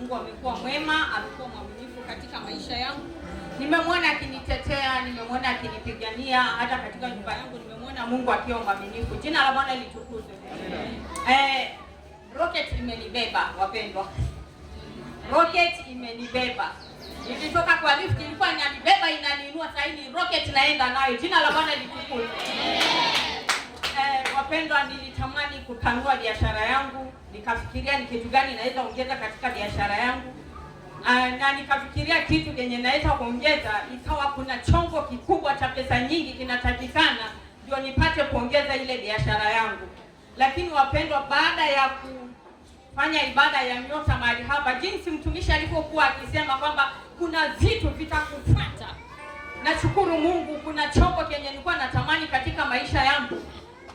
Mungu amekuwa mwema, amekuwa mwaminifu katika maisha yangu. Nimemwona akinitetea, nimemwona akinipigania, hata katika nyumba yangu nimemwona Mungu akiwa mwaminifu. Jina la Bwana litukuzwe. Eh, Rocket imenibeba wapendwa, Rocket imenibeba ikitoka kwa lift ilikuwa inanibeba inaniinua, sasa hivi rocket naenda nayo. Jina la Bwana litukuzwe. Eh, wapendwa, nilitamani kupanua biashara yangu nikafikiria ni kitu gani naweza ongeza katika biashara yangu ah, na nikafikiria kitu kenye naweza kuongeza, ikawa kuna chongo kikubwa cha pesa nyingi kinatakikana ndio nipate kuongeza ile biashara yangu. Lakini wapendwa, baada ya kufanya ibada ya nyota mahali hapa, jinsi mtumishi alivyokuwa akisema kwamba kuna vitu vitakufuata, nashukuru Mungu, kuna chombo kenye nilikuwa natamani katika maisha yangu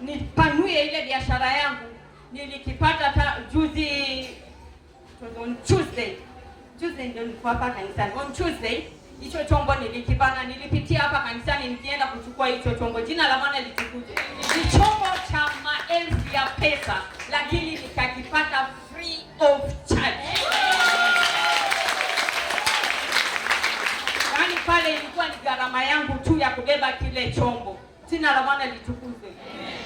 nipanue ile biashara yangu nilikipata ta juzi on Tuesday. Tuesday ndio nilikuwa hapa kanisani. On Tuesday hicho chombo nilikipata, nilipitia hapa kanisani nikienda kuchukua hicho chombo. Jina la Bwana likikuja. Ni chombo cha maelfu ya pesa, lakini nikakipata free of charge. Yaani pale ilikuwa ni gharama yangu tu ya kubeba kile chombo. Jina la Bwana litukuzwe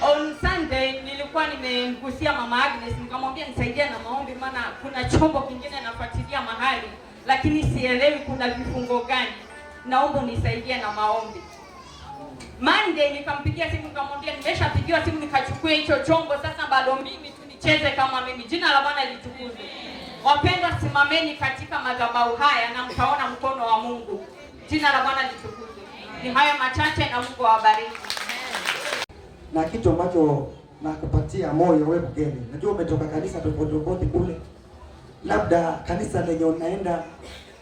on Sunday nilikuwa nimemgusia mama Agnes, nikamwambia nisaidia na maombi, maana kuna chombo kingine nafuatilia mahali, lakini sielewi kuna vifungo gani, naomba nisaidie na maombi. Monday nikampigia simu nikamwambia nimeshapigiwa simu nikachukua hicho chombo, sasa bado mimi tu nicheze kama mimi. Jina la Bwana litukuzwe. Wapendwa, simameni katika madhabahu haya na mtaona mkono wa Mungu. Jina la Bwana litukuzwe. Ni haya machache na Mungu awabariki na kitu ambacho nakupatia moyo wewe mgeni. Najua umetoka kanisa tofauti tofauti kule, labda kanisa lenye unaenda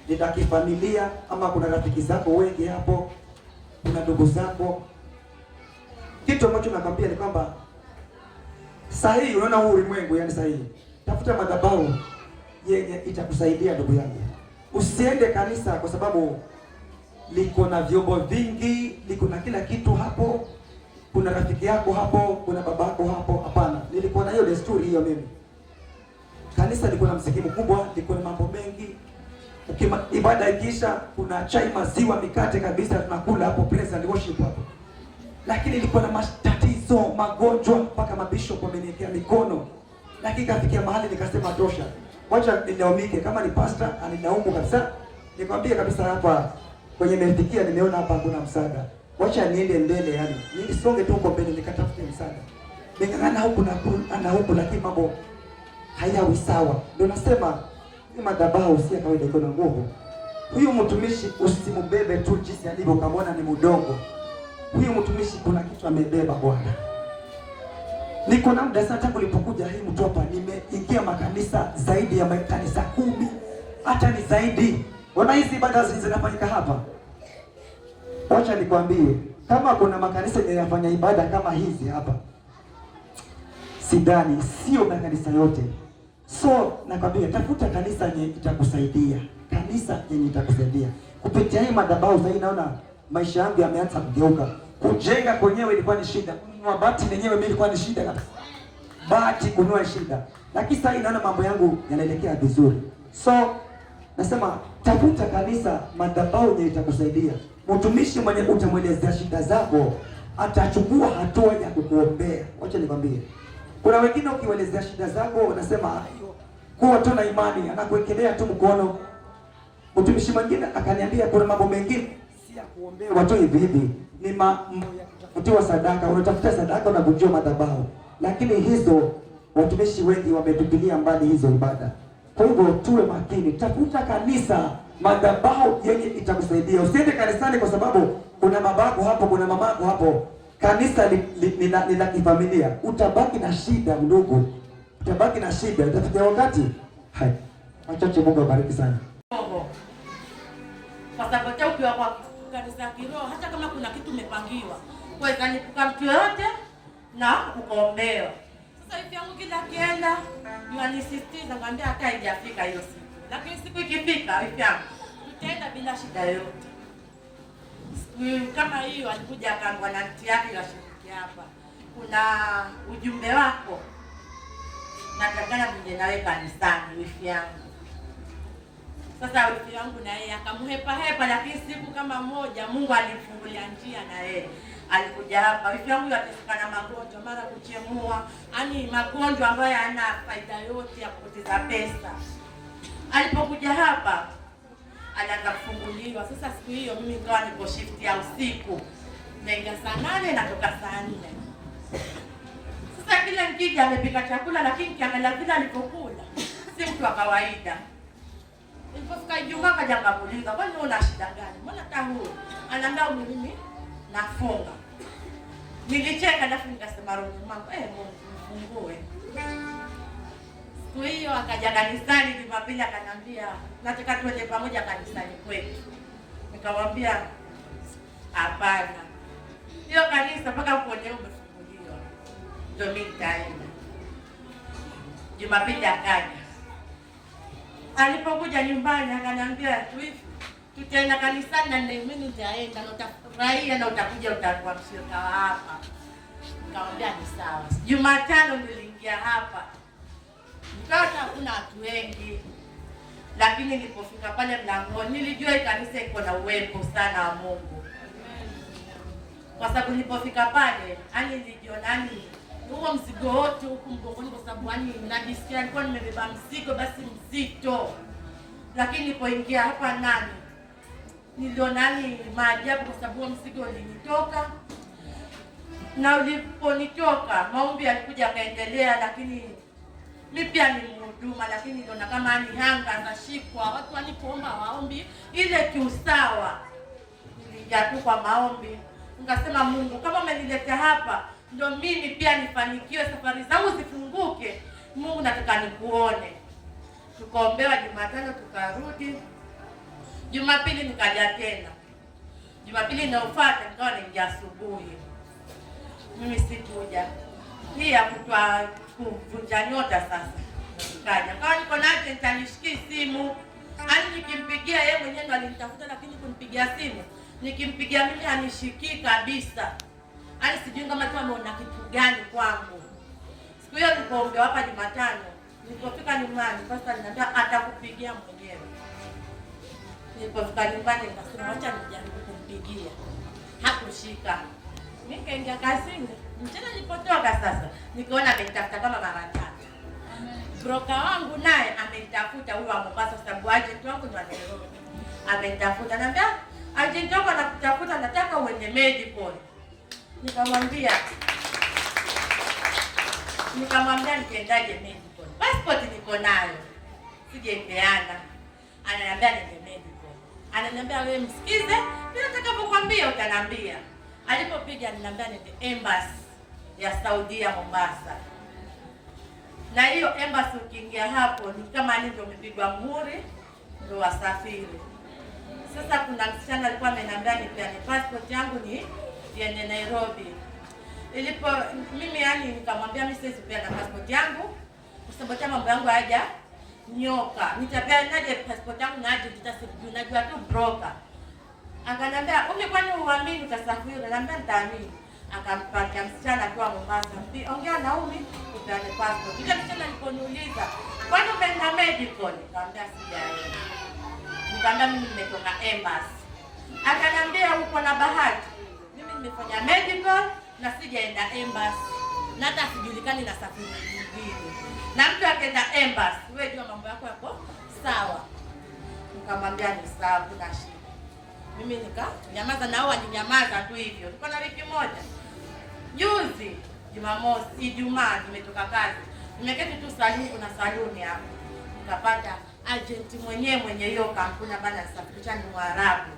ni la kifamilia, ama kuna rafiki zako wengi hapo, kuna ndugu zako. Kitu ambacho nakwambia ni kwamba sahihi, unaona huu ulimwengu yani sahihi, tafuta madhabahu yenye itakusaidia ndugu yangu. Usiende kanisa kwa sababu liko na vyombo vingi, liko na kila kitu hapo kuna rafiki yako hapo, kuna babako hapo. Hapana, nilikuwa na hiyo desturi hiyo. Mimi kanisa liko na mziki mkubwa, liko na mambo mengi. Ukima, ibada ikisha, kuna chai, maziwa, mikate kabisa, tunakula hapo praise and worship hapo. Lakini liko na matatizo, magonjwa, mpaka mabishop wameniwekea mikono, lakini kafikia mahali nikasema tosha, wacha nilaumike. Kama ni pastor anilaumu kabisa, nikwambie kabisa, hapa kwenye nimefikia, nimeona hapa hakuna msaada wacha niende mbele, yani nisonge tu huko mbele, nikatafute msaada. Ningang'ana huku na huku, lakini mambo hayawi sawa. Ndio nasema ni madhabahu si ya kawaida, iko na nguvu. Huyu mtumishi usimbebe tu jinsi alivyo, ukamwona ni mdogo. Huyu mtumishi kuna kitu amebeba Bwana. Niko na muda sana, tangu nilipokuja hii mtu hapa, nimeingia makanisa zaidi ya makanisa kumi, hata ni zaidi. Wana hizi ibada zinafanyika hapa Wacha nikwambie kama kuna makanisa yanayofanya ibada kama hizi hapa, sidhani, sio makanisa yote. So nakwambia tafuta kanisa yenye itakusaidia, kanisa yenye itakusaidia. Kupitia hii madhabahu sasa naona maisha yangu yameanza kugeuka. Kujenga kwenyewe ilikuwa ni shida, kununua bati lenyewe mimi ilikuwa ni shida kabisa, bati kununua shida, lakini sasa naona mambo yangu yanaelekea vizuri. So nasema tafuta kanisa, madhabahu yenye itakusaidia. Mtumishi mwenye utamwelezea shida zako atachukua hatua ya kukuombea. Wacha nikwambie, kuna wengine ukiwaelezea shida zako wanasema kuwa tu na imani, anakuwekelea tu mkono. Mtumishi mwingine akaniambia kuna mambo mengine si ya kuombea watu hivi hivi, ni mambo ya kutiwa sadaka. Unatafuta sadaka, unavunjiwa madhabahu, lakini hizo watumishi wengi wametupilia mbali hizo ibada. Kwa hivyo tuwe makini, tafuta kanisa madhabahu yenye itakusaidia. Usiende kanisani kwa sababu kuna babako hapo, kuna mamako hapo. Kanisa ni la kifamilia. Utabaki na shida ndugu, utabaki na shida, utafikia wakati hai wachache. Mungu abariki sana kwa sababu hata kwa kanisa kiroho, hata kama kuna kitu na ukaombewa. Sasa hivi yangu kila kienda, nanisisitiza ngambia hata haijafika hiyo siku lakini siku ikifika, rafiki yangu, tutaenda bila shida yoyote. Siku kama hiyo alikuja akaangwa na mti yake ashiriki hapa, kuna ujumbe wako natakana nije nawe kanisani, wifi yangu. Sasa wifi yangu na yeye akamhepahepa, lakini siku kama moja Mungu alimfungulia njia na yeye alikuja hapa. Wifi yangu yateseka na magonjwa, mara kuchemua, yaani magonjwa ambayo yana faida yote ya kupoteza pesa Alipokuja hapa anaanza kufunguliwa. Sasa siku hiyo mimi nikawa niko shift ya usiku, naingia saa nane natoka saa nne. Sasa kile mkija amepika chakula, lakini kiangalia vile alipokula si mtu wa kawaida. Nilipofika Ijumaa kaja kamuuliza, kwani una shida gani? mbona tahu Anaambia mimi nafunga. Nilicheka alafu nikasema roho yangu, eh, Mungu mfungue siku hiyo akaja kanisani Jumapili, akaniambia nataka tuende pamoja kanisani kwetu. Nikamwambia hapana, hiyo kanisa mpaka kuone umefunguliwa ndio mimi nitaenda. Jumapili akaja, alipokuja nyumbani akaniambia tu tutaenda kanisani na mimi nitaenda na utafurahia na utakuja utakuwa mshirika hapa. Nikamwambia ni sawa. Jumatano niliingia hapa Mtata hakuna watu wengi, lakini nilipofika pale mlangoni nilijua kanisa iko na uwepo sana wa Mungu, kwa sababu nilipofika pale ani nilijiona ani huo mzigo wote huku mgongoni, kwa sababu ani najisikia nilikuwa nimebeba mzigo basi mzito, lakini nilipoingia hapa nani niliona maajabu, kwa sababu huo mzigo ulinitoka na uliponitoka maombi yalikuja akaendelea, lakini mi pia ni mhuduma, lakini naona kama ni hanga nashikwa. Watu walipoomba maombi ile kiusawa, nilija tu kwa maombi, nikasema Mungu, kama umenileta hapa ndio mimi pia nifanikiwe, safari zangu zifunguke. Mungu, nataka nikuone. Tukaombewa Jumatano, tukarudi Jumapili, nikaja tena Jumapili inayofuata nikawa naingia asubuhi, mimi sikuja hii ya kutwa kuvunja nyota. Sasa kaja kawa niko naye nitanishikii simu hadi yaani nikimpigia yeye mwenyewe ndo alinitafuta, lakini kumpigia simu nikimpigia mimi anishikii kabisa. Hadi yaani sijui kama tu ameona kitu gani kwangu. Siku hiyo nikaongea hapa Jumatano, nilipofika nyumbani sasa ninataka atakupigia mwenyewe. Nilipofika nyumbani nikasema acha nijaribu kumpigia, hakushika nikaingia kazini mchana, nilipotoka sasa nikaona amenitafuta kama mara tatu. Broka wangu naye amenitafuta, huyo amokaso sababu ajenti wangu ndo anaelewa, amenitafuta naambia, ajenti wangu anakutafuta, nataka uende medical. Nikamwambia nikamwambia nitendaje medical? Passport niko nayo sijaipeana. Ananiambia nende medical, ananiambia wewe msikize, bila nitakapokuambia utaniambia alipopiga niliambia ni embassy ya Saudia Mombasa, na hiyo embassy ukiingia hapo ni kama ndio umepigwa muhuri, ndio wasafiri. Sasa kuna msichana alikuwa ameniambia nipeane passport yangu ni yenye Nairobi. Ilipo mimi yani, nikamwambia mimi siwezi na passport yangu kwa sababu mambo yangu haja nyoka, nitapeanaje passport yangu na aje? Najua tu broker Akaniambia umi, kwani uamini utasafiri? Nikaambia nitaamini. Akampatia msichana kwa Mombasa, ongea na umi utane passport. Yule msichana aliponiuliza kwani umeenda medical, nikamwambia sijaenda. Nikamwambia mimi nimetoka embassy. Akaniambia uko na bahati, mimi nimefanya medical na sijaenda embassy, na hata sijulikani na safari nyingine, na mtu akaenda embassy, wewe jua mambo yako yako sawa. Nikamwambia ni sawa, kuna shida mimi nikanyamaza na hao walinyamaza tu hivyo. Tuko na wiki moja. Juzi Jumamosi, Ijumaa tumetoka kazi. Nimeketi tu saluni, kuna saluni hapo. Nikapata agent mwenyewe mwenye hiyo kampuni bana safirisha ni Mwarabu.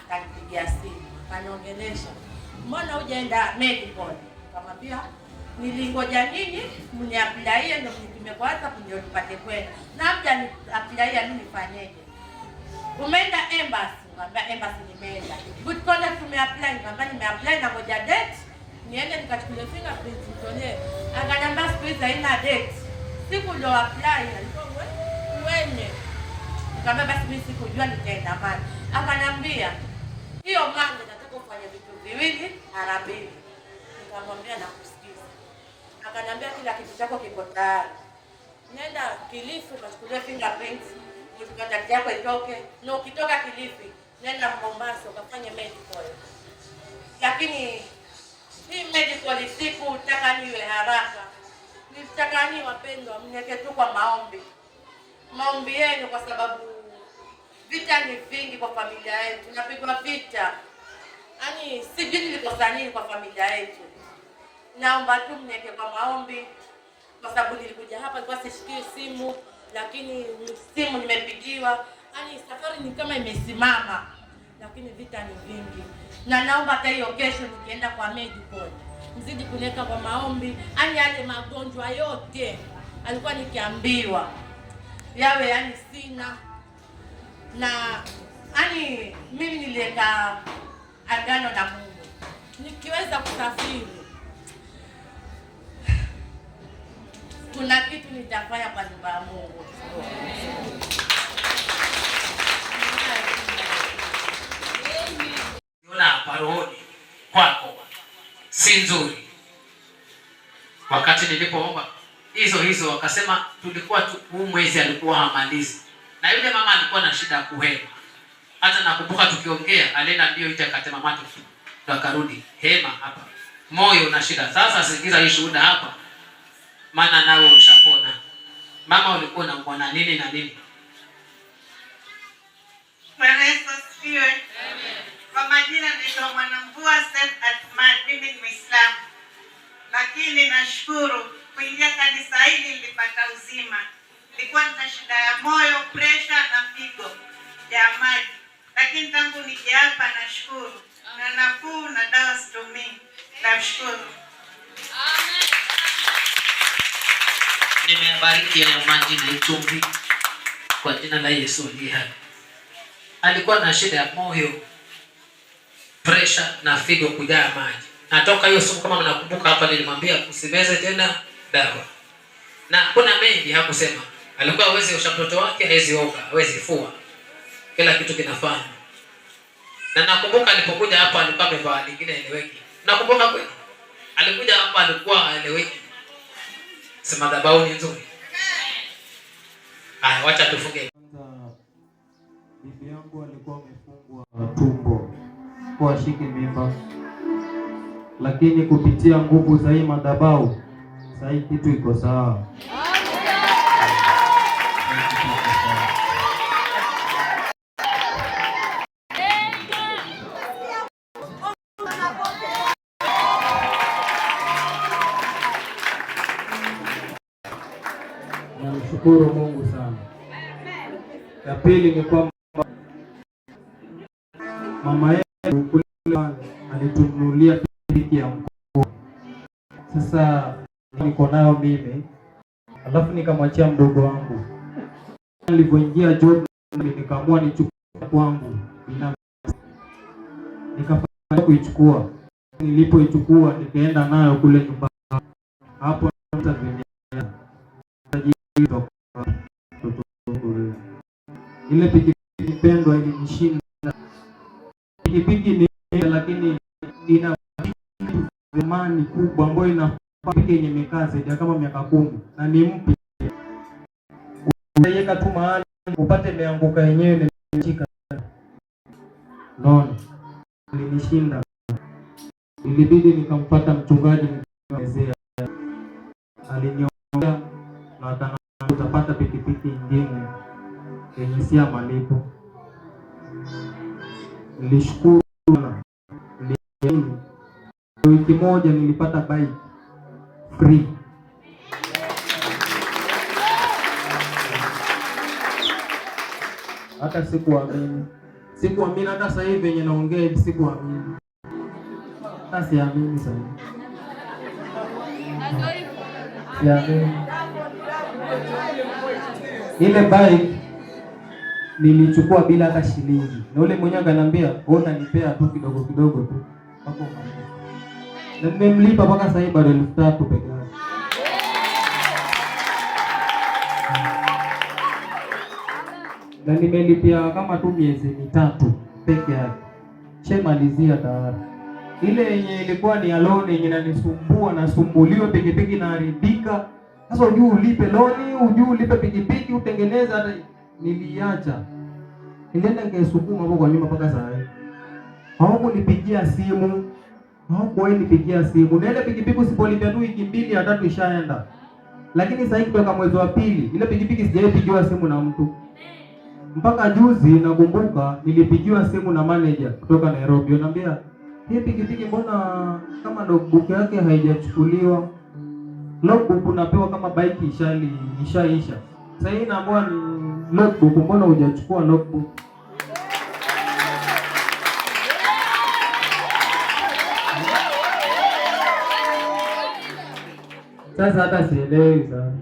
Akanipigia simu, akaniongelesha. Mbona hujaenda medical? Kamwambia nilingoja nyinyi mniapilaie ndio nimekwaza nipate kwenda. Na mja niapilaia mimi nifanyeje? Umeenda embassy Nikamwambia embassy eh, nimeenda. Good conduct tumeapply, nikamwambia nimeapply na moja date. Niende nikachukulia fingerprint nitolee. Akaniambia siku hizi haina date. Siku ndio apply alikuwa mwenye. Nikamwambia basi mimi sikujua nitaenda mali. Akaniambia hiyo mlango nataka ufanye vitu viwili mara mbili. Nikamwambia nakusikiza. Akaniambia kila kitu chako kiko tayari. Nenda Kilifi ukachukulia fingerprint. Mtu yako itoke. Na ukitoka Kilifi nenda Mombasa ukafanye medical, lakini hii medical utaka niwe haraka, nitaka ni wapendwa, mneke tu kwa maombi, maombi yenu, kwa sababu vita ni vingi kwa familia yetu, napigwa vita, yaani sijui nilikosa nini kwa familia yetu. Naomba tu mneke kwa maombi, kwa sababu nilikuja hapa kwa sishikii simu, lakini simu nimepigiwa Yaani safari ni kama imesimama, lakini vita ni vingi, na naomba hata hiyo kesho nikienda kwa medical mzidi kuniweka kwa maombi, yaani yale magonjwa yote alikuwa nikiambiwa yawe, yani sina na ani mimi niliweka agano na Mungu nikiweza kusafiri, kuna kitu nitafanya kwa nyumba ya Mungu. hapa rohoni kwako si nzuri. Wakati nilipoomba hizo hizo, wakasema tulikuwa huu mwezi alikuwa hamalizi, na yule mama alikuwa na shida ya kuhema. Hata nakumbuka tukiongea, alienda ndio nje akatema macho, akarudi hema hapa, moyo una shida. Sasa sikiza hii shuhuda hapa, maana nawe ushapona. Mama, ulikuwa unaumwa na nini na nini? Bwana Yesu asifiwe. Amen. Kwa majina naitwa Mwanamvua Said Athman, mimi ni Muislamu, lakini nashukuru kuingia kanisa hili nilipata uzima. Nilikuwa nina shida ya moyo, presha na figo ya maji, lakini tangu nije hapa nashukuru na nafuu na dawa situmii. Nashukuru. Nimebariki ya maji na itumbi kwa jina la Yesu aliye hai. Alikuwa na shida ya moyo presha na figo kujaa maji. Natoka hiyo siku, kama mnakumbuka, hapa nilimwambia usimeze tena dawa, na kuna mengi hakusema. Alikuwa hawezi osha mtoto wake, hawezi oga, hawezi fua, kila kitu kinafanya. Na nakumbuka alipokuja hapa alikuwa amevaa lingine eleweki. Nakumbuka kweli alikuja hapa alikuwa eleweki, sema madhabahu ni nzuri. Haya, wacha tufunge. alikuwa ashike mimba, lakini kupitia nguvu za hii madhabahu sahi kitu iko sawa. Namshukuru Mungu sana. Ya pili ni kwamba mama aliukula alitununulia pikipiki ya mkuu. Sasa niko nayo mimi, alafu nikamwachia mdogo wangu. Nilipoingia job nikaamua nichukue kwangu binafsi, nikafanya kuichukua. Nilipoichukua nikaenda nayo kule nyumbani, hapo ile pikipiki pendwa ilinishinda pikipiki ni lakini ina thamani kubwa ambayo ina pikipiki yenye mikaa zaidi kama miaka kumi na ni mpya. Unaweka tu mahali upate imeanguka yenyewe imeshika. Naona nilishinda. ilibidi nikampata mchungaji mwezea, aliniombea na akaniambia utapata pikipiki nyingine yenye si ya malipo nilishukuru sana. Wiki moja nilipata bike free. Hata sikuamini, sikuamini hata sasa hivi venye naongea hivi sikuamini, hata siamini sasa hivi, siamini ile bike nilichukua bila hata shilingi, na ule mwenyewe akaniambia ona, tu kidogo kidogo tu hapo, umalize, na nimemlipa mpaka sasa hivi bado elfu tatu peke yake. na nimelipia kama tu miezi mitatu peke yake, shemalizia tayari. Ile yenye ilikuwa ni loan yenye nanisumbua, nasumbuliwa, pikipiki naharibika Sasa ujui ulipe loan, ujui ulipe pikipiki, utengeneze hata niliacha nilienda nikaisukuma huko kwa nyuma mpaka saa hii. nipigia simu. wewe nipigia simu. Na ile pikipiki usipolipia tu wiki mbili au tatu ishaenda. Lakini sasa kutoka mwezi wa pili ile pikipiki sijaipigiwa simu na mtu. Mpaka juzi nakumbuka nilipigiwa simu na manager kutoka Nairobi. Anambia, "Hii pikipiki mbona kama logbook yake haijachukuliwa? Logbook unapewa kama bike ishali ishaisha." Sasa hii naambiwa ni notebook, mbona hujachukua notebook? Sasa hata sielewi sana.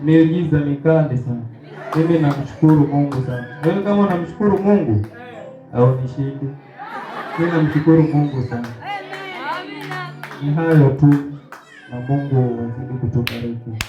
Miujiza mikande sana. Mimi namshukuru Mungu sana. Wewe kama unamshukuru Mungu au nishinde? Tena mshukuru Mungu sana. Ni hayo tu, na Mungu azidi kutubariki.